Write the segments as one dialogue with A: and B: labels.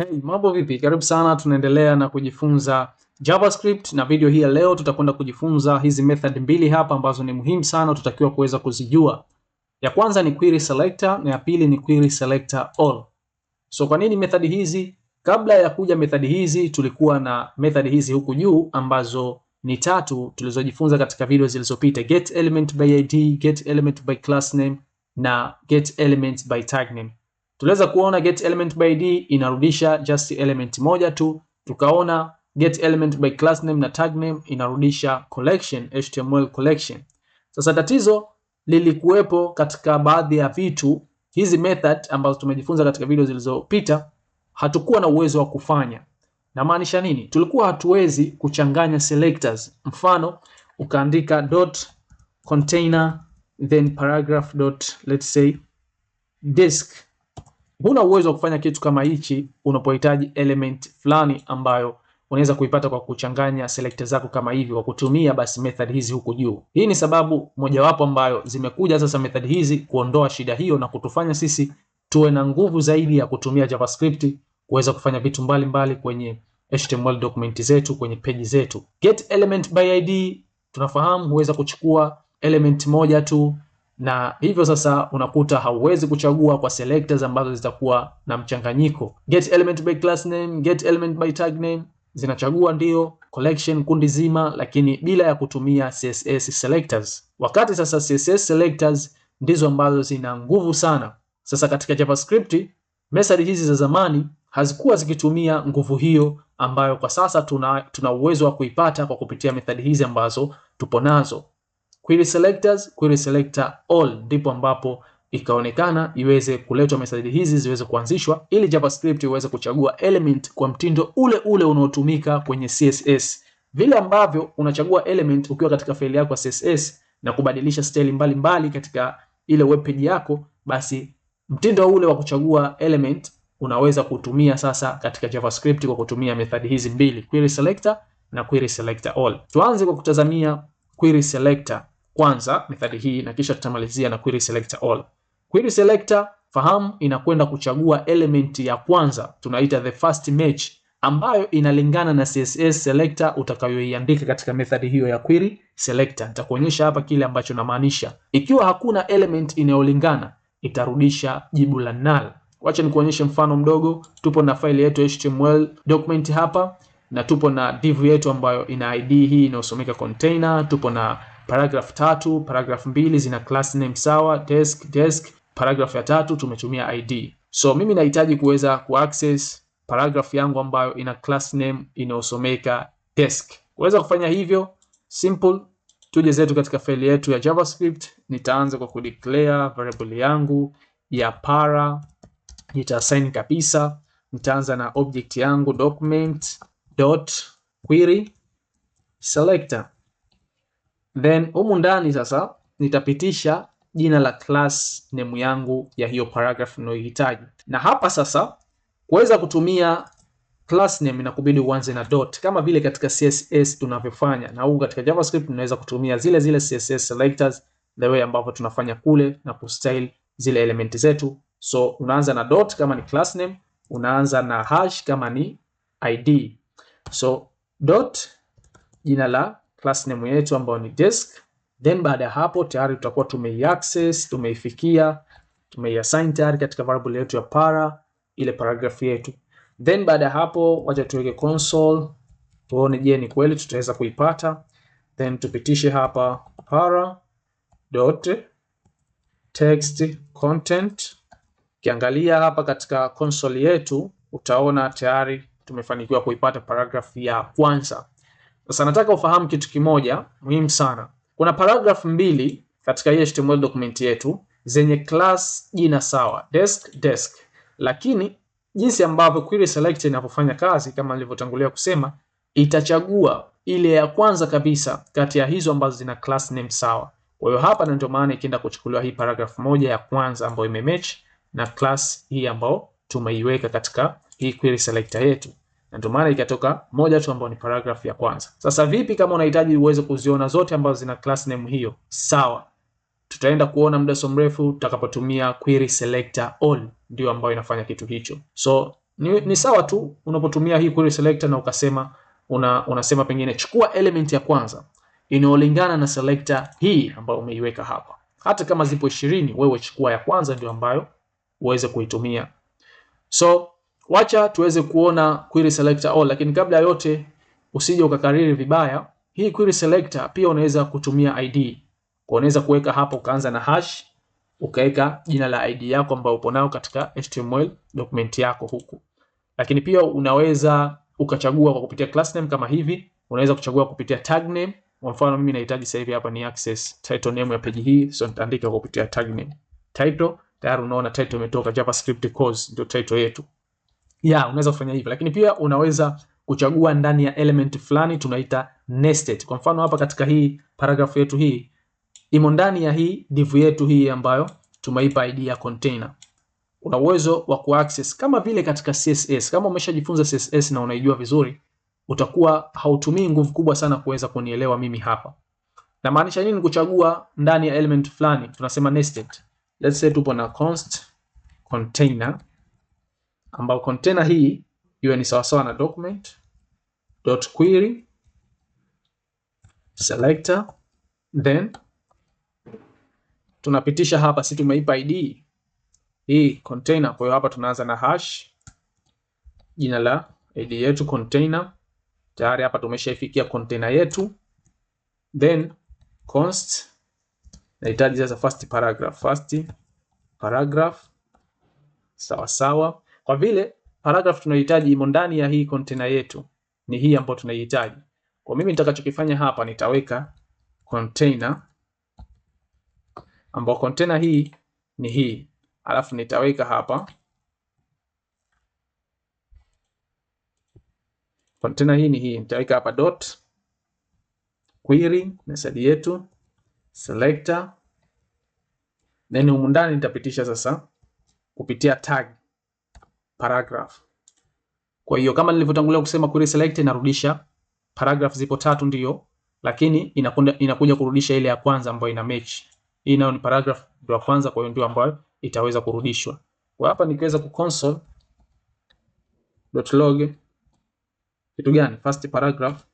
A: Hey, mambo vipi? Karibu sana, tunaendelea na kujifunza JavaScript na video hii ya leo tutakwenda kujifunza hizi method mbili hapa ambazo ni muhimu sana tutakiwa kuweza kuzijua. Ya kwanza ni query selector na ya pili ni query selector all. So kwa nini method hizi? Kabla ya kuja method hizi tulikuwa na method hizi huku juu ambazo ni tatu tulizojifunza katika video zilizopita, get element by id, get element by class name na get element by tag name. Tuliweza kuona get element by id inarudisha just element moja tu, tukaona get element by class name na tag name inarudisha collection HTML collection. Sasa tatizo lilikuwepo katika baadhi ya vitu hizi method ambazo tumejifunza katika video zilizopita, hatukuwa na uwezo wa kufanya. Namaanisha nini? Tulikuwa hatuwezi kuchanganya selectors. Mfano ukaandika dot container then paragraph dot let's say disk Huna uwezo wa kufanya kitu kama hichi unapohitaji element fulani ambayo unaweza kuipata kwa kuchanganya selector zako kama hivi kwa kutumia basi method hizi huku juu. Hii ni sababu mojawapo ambayo zimekuja sasa method hizi kuondoa shida hiyo na kutufanya sisi tuwe na nguvu zaidi ya kutumia JavaScript kuweza kufanya vitu mbalimbali mbali kwenye HTML document zetu, kwenye page zetu. Get element by id tunafahamu huweza kuchukua element moja tu na hivyo sasa unakuta hauwezi kuchagua kwa selectors ambazo zitakuwa na mchanganyiko. Get element by class name, get element by tag name zinachagua ndio collection kundi zima, lakini bila ya kutumia CSS selectors. Wakati sasa CSS selectors ndizo ambazo zina nguvu sana. Sasa katika JavaScript method hizi za zamani hazikuwa zikitumia nguvu hiyo ambayo kwa sasa tuna tuna uwezo wa kuipata kwa kupitia methodi hizi ambazo tupo nazo query selectors, query selector all, ndipo ambapo ikaonekana iweze kuletwa methodi hizi ziweze kuanzishwa ili JavaScript iweze kuchagua element kwa mtindo ule ule unaotumika kwenye CSS. Vile ambavyo unachagua element ukiwa katika faili yako ya CSS na kubadilisha style mbalimbali mbali katika ile web page yako, basi mtindo ule wa kuchagua element unaweza kutumia sasa katika JavaScript kwa kutumia methodi hizi mbili, query selector na query selector all. Tuanze kwa kutazamia query selector kwanza methodi hii na kisha tutamalizia na query selector all. Query selector fahamu inakwenda kuchagua element ya kwanza tunaita the first match ambayo inalingana na CSS selector utakayoiandika katika methodi hiyo ya query selector. Nitakuonyesha hapa kile ambacho namaanisha. Ikiwa hakuna element inayolingana, itarudisha jibu la null. Wacha nikuonyeshe mfano mdogo. Tupo na faili yetu HTML document hapa na tupo na div yetu ambayo ina id hii inayosomeka container, tupo na Paragraph tatu, paragraph mbili zina class name sawa, desk desk. Paragraph ya tatu tumetumia id. So mimi nahitaji kuweza kuaccess paragraph yangu ambayo ina class name inayosomeka desk. Kuweza kufanya hivyo, simple, tuje zetu katika faili yetu ya JavaScript. Nitaanza kwa kudeclare variable yangu ya para, nitaassign kabisa. Nitaanza na object yangu document dot query selector Then humu ndani sasa nitapitisha jina la class name yangu ya hiyo paragraph ninayohitaji. Na hapa sasa kuweza kutumia class name inakubidi uanze na dot kama vile katika CSS tunavyofanya, na huko katika JavaScript tunaweza kutumia zile zile CSS selectors the way ambavyo tunafanya kule na kustyle zile elementi zetu. So unaanza na dot kama ni class name, unaanza na hash kama ni ID. So dot jina la class name yetu ambayo ni desk, then baada ya hapo tayari tutakuwa tumeiaccess, tumeifikia, tumeiassign tayari katika variable yetu ya para, ile paragraph yetu. Then baada ya hapo wacha tuweke console tuone, je, ni kweli tutaweza kuipata. Then tupitishe hapa para dot text content. Ukiangalia hapa katika console yetu utaona tayari tumefanikiwa kuipata paragraph ya kwanza. Sasa nataka ufahamu kitu kimoja muhimu sana. Kuna paragraph mbili katika hii HTML document yetu zenye class jina sawa desk desk, lakini jinsi ambavyo query select inapofanya kazi kama nilivyotangulia kusema, itachagua ile ya kwanza kabisa kati ya hizo ambazo zina class name sawa. Kwa hiyo hapa ndio maana ikienda kuchukuliwa hii paragraph moja ya kwanza ambayo imematch na class hii ambayo tumeiweka katika hii query selector yetu na ndio maana ikatoka moja tu ambayo ni paragraph ya kwanza. Sasa vipi kama unahitaji uweze kuziona zote ambazo zina class name hiyo? Sawa, tutaenda kuona muda so mrefu tutakapotumia query selector all, ndio ambayo inafanya kitu hicho. So ni, ni sawa tu unapotumia hii query selector na ukasema una, unasema pengine chukua element ya kwanza inayolingana na selector hii ambayo umeiweka hapa. Hata kama zipo ishirini, wewe chukua ya kwanza ndio ambayo uweze kuitumia so Wacha tuweze kuona query selector all, lakini kabla ya yote usije ukakariri vibaya. Hii query selector pia unaweza kutumia ID. Kwa unaweza kuweka hapo ukaanza na hash, ukaweka jina la ID yako ambayo upo nayo katika HTML document yako huku. Lakini pia unaweza ukachagua kwa kupitia class name kama hivi, unaweza kuchagua kupitia tag name. Kwa mfano mimi nahitaji sasa hivi hapa ni access title name ya page hii, so nitaandika kwa kupitia tag name. Title tayari unaona title imetoka JavaScript course ndio title yetu yeah, unaweza kufanya hivyo, lakini pia unaweza kuchagua ndani ya element fulani tunaita nested. Kwa mfano hapa katika hii paragraph yetu hii imo ndani ya hii div yetu hii ambayo tumeipa id ya container. Una uwezo wa kuaccess kama vile katika CSS. Kama umeshajifunza CSS na unaijua vizuri, utakuwa hautumii nguvu kubwa sana kuweza kunielewa mimi hapa. Na maanisha nini kuchagua ndani ya element fulani? Tunasema nested. Let's say tupo na const container ambao container hii iwe ni sawasawa na document.query selector then tunapitisha hapa, si tumeipa id hii container. Kwa hiyo hapa tunaanza na hash, jina la id yetu container. Tayari hapa tumeshaifikia container yetu, then const. Nahitaji sasa first paragraph, first paragraph sawa sawa kwa vile paragraph tunayohitaji imo ndani ya hii container yetu, ni hii ambayo tunaihitaji. Kwa mimi nitakachokifanya hapa nitaweka container ambao container hii ni hii, alafu nitaweka hapa container hii ni hii, nitaweka hapa dot query method yetu selector, then humu ndani nitapitisha sasa kupitia tag paragraph. Kwa hiyo kama nilivyotangulia kusema query select inarudisha paragraph, zipo tatu ndio, lakini inakunda, inakuja kurudisha ile ya kwanza ambayo ina match. Hii nayo ni paragraph ndio ya kwanza, kwa hiyo ndio ambayo itaweza kurudishwa. Kwa hapa nikiweza ku console.log kitu gani? First paragraph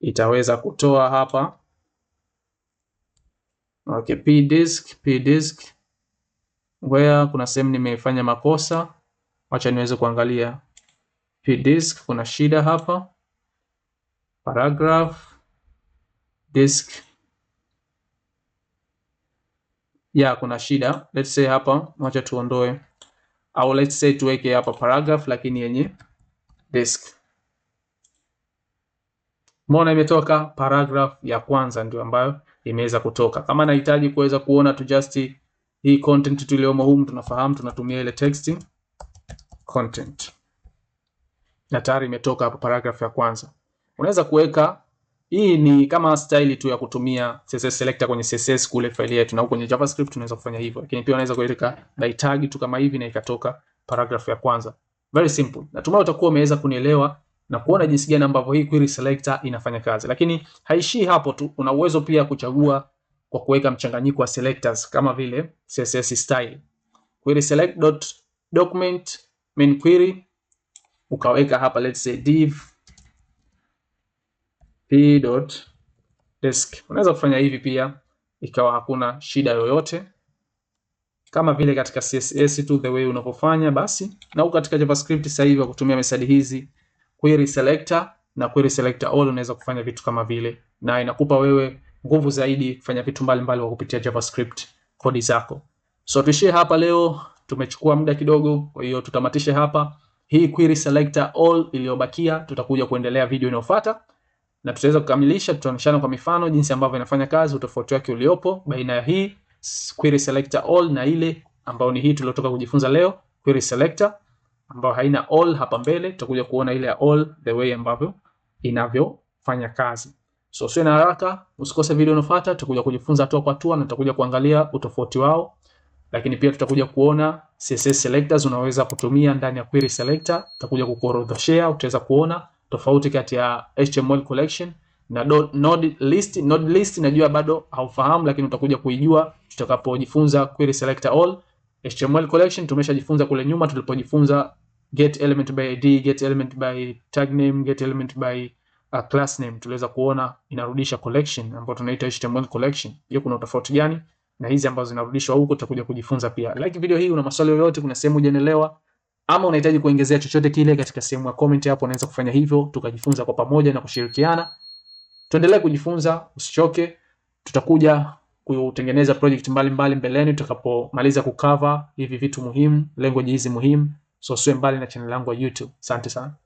A: itaweza kutoa hapa okay, p disk p disk Where kuna sehemu nimefanya makosa, wacha niweze kuangalia. Pdisk kuna shida hapa. Paragraph disk, ya kuna shida. Let's say hapa, wacha tuondoe au let's say tuweke hapa paragraph, lakini yenye disk. Mbona imetoka paragraph ya kwanza, ndio ambayo imeweza kutoka. Kama nahitaji kuweza kuona tu just hii content tuliomo humu tunafahamu tunatumia ile text content, na tayari imetoka hapo paragraph ya kwanza. Unaweza kuweka hii ni kama style tu ya kutumia CSS selector kwenye CSS kule file yetu, na huko kwenye JavaScript tunaweza kufanya hivyo, lakini pia unaweza kuweka by tag tu kama hivi na ikatoka paragraph ya kwanza. Very simple. Natumai utakuwa umeweza kunielewa na kuona jinsi gani ambavyo hii query selector inafanya kazi, lakini haishii hapo tu. Una uwezo pia kuchagua kwa kuweka mchanganyiko wa selectors kama vile CSS style. Query select dot document main query ukaweka hapa let's say div p dot desk. Unaweza kufanya hivi pia ikawa hakuna shida yoyote, kama vile katika CSS tu the way unapofanya basi, na huko katika JavaScript sasa hivi kwa kutumia methodi hizi query selector na query selector all unaweza kufanya vitu kama vile, na inakupa wewe nguvu zaidi kufanya vitu mbalimbali kwa kupitia JavaScript kodi zako. So tuishie hapa leo, tumechukua muda kidogo, kwa hiyo tutamatishe hapa. Hii query selector all iliyobakia tutakuja kuendelea video inayofuata na tutaweza kukamilisha, tutaonyeshana kwa mifano jinsi ambavyo inafanya kazi, utofauti wake uliopo baina ya hii query selector all na ile ambayo ni hii tuliotoka kujifunza leo, query selector ambayo haina all hapa mbele. Tutakuja kuona ile ya all the way ambavyo inavyofanya kazi. So sio na haraka, usikose video inayofuata. Tutakuja kujifunza hatua kwa hatua na tutakuja kuangalia utofauti wao, lakini pia tutakuja kuona CSS selectors unaweza kutumia ndani ya query selector. Tutakuja kukuorodheshea, utaweza kuona tofauti kati ya HTML collection na node list. Node list najua bado haufahamu, lakini utakuja kuijua tutakapojifunza query selector all. HTML collection tumeshajifunza kule nyuma tulipojifunza get element by id, get element by tag name, get element by uh, class name tuliweza kuona inarudisha collection ambayo tunaita HTML collection. Hiyo kuna tofauti gani na hizi ambazo zinarudishwa huko? Tutakuja kujifunza pia. Like video hii, una maswali yoyote, kuna sehemu hujanielewa ama unahitaji kuongezea chochote kile, katika sehemu ya comment hapo unaweza kufanya hivyo, tukajifunza kwa pamoja na kushirikiana. Tuendelee kujifunza, usichoke. Tutakuja kutengeneza project mbalimbali mbeleni tutakapomaliza kukava hivi vitu muhimu, language hizi muhimu. So siwe mbali na channel yangu ya YouTube. Asante sana.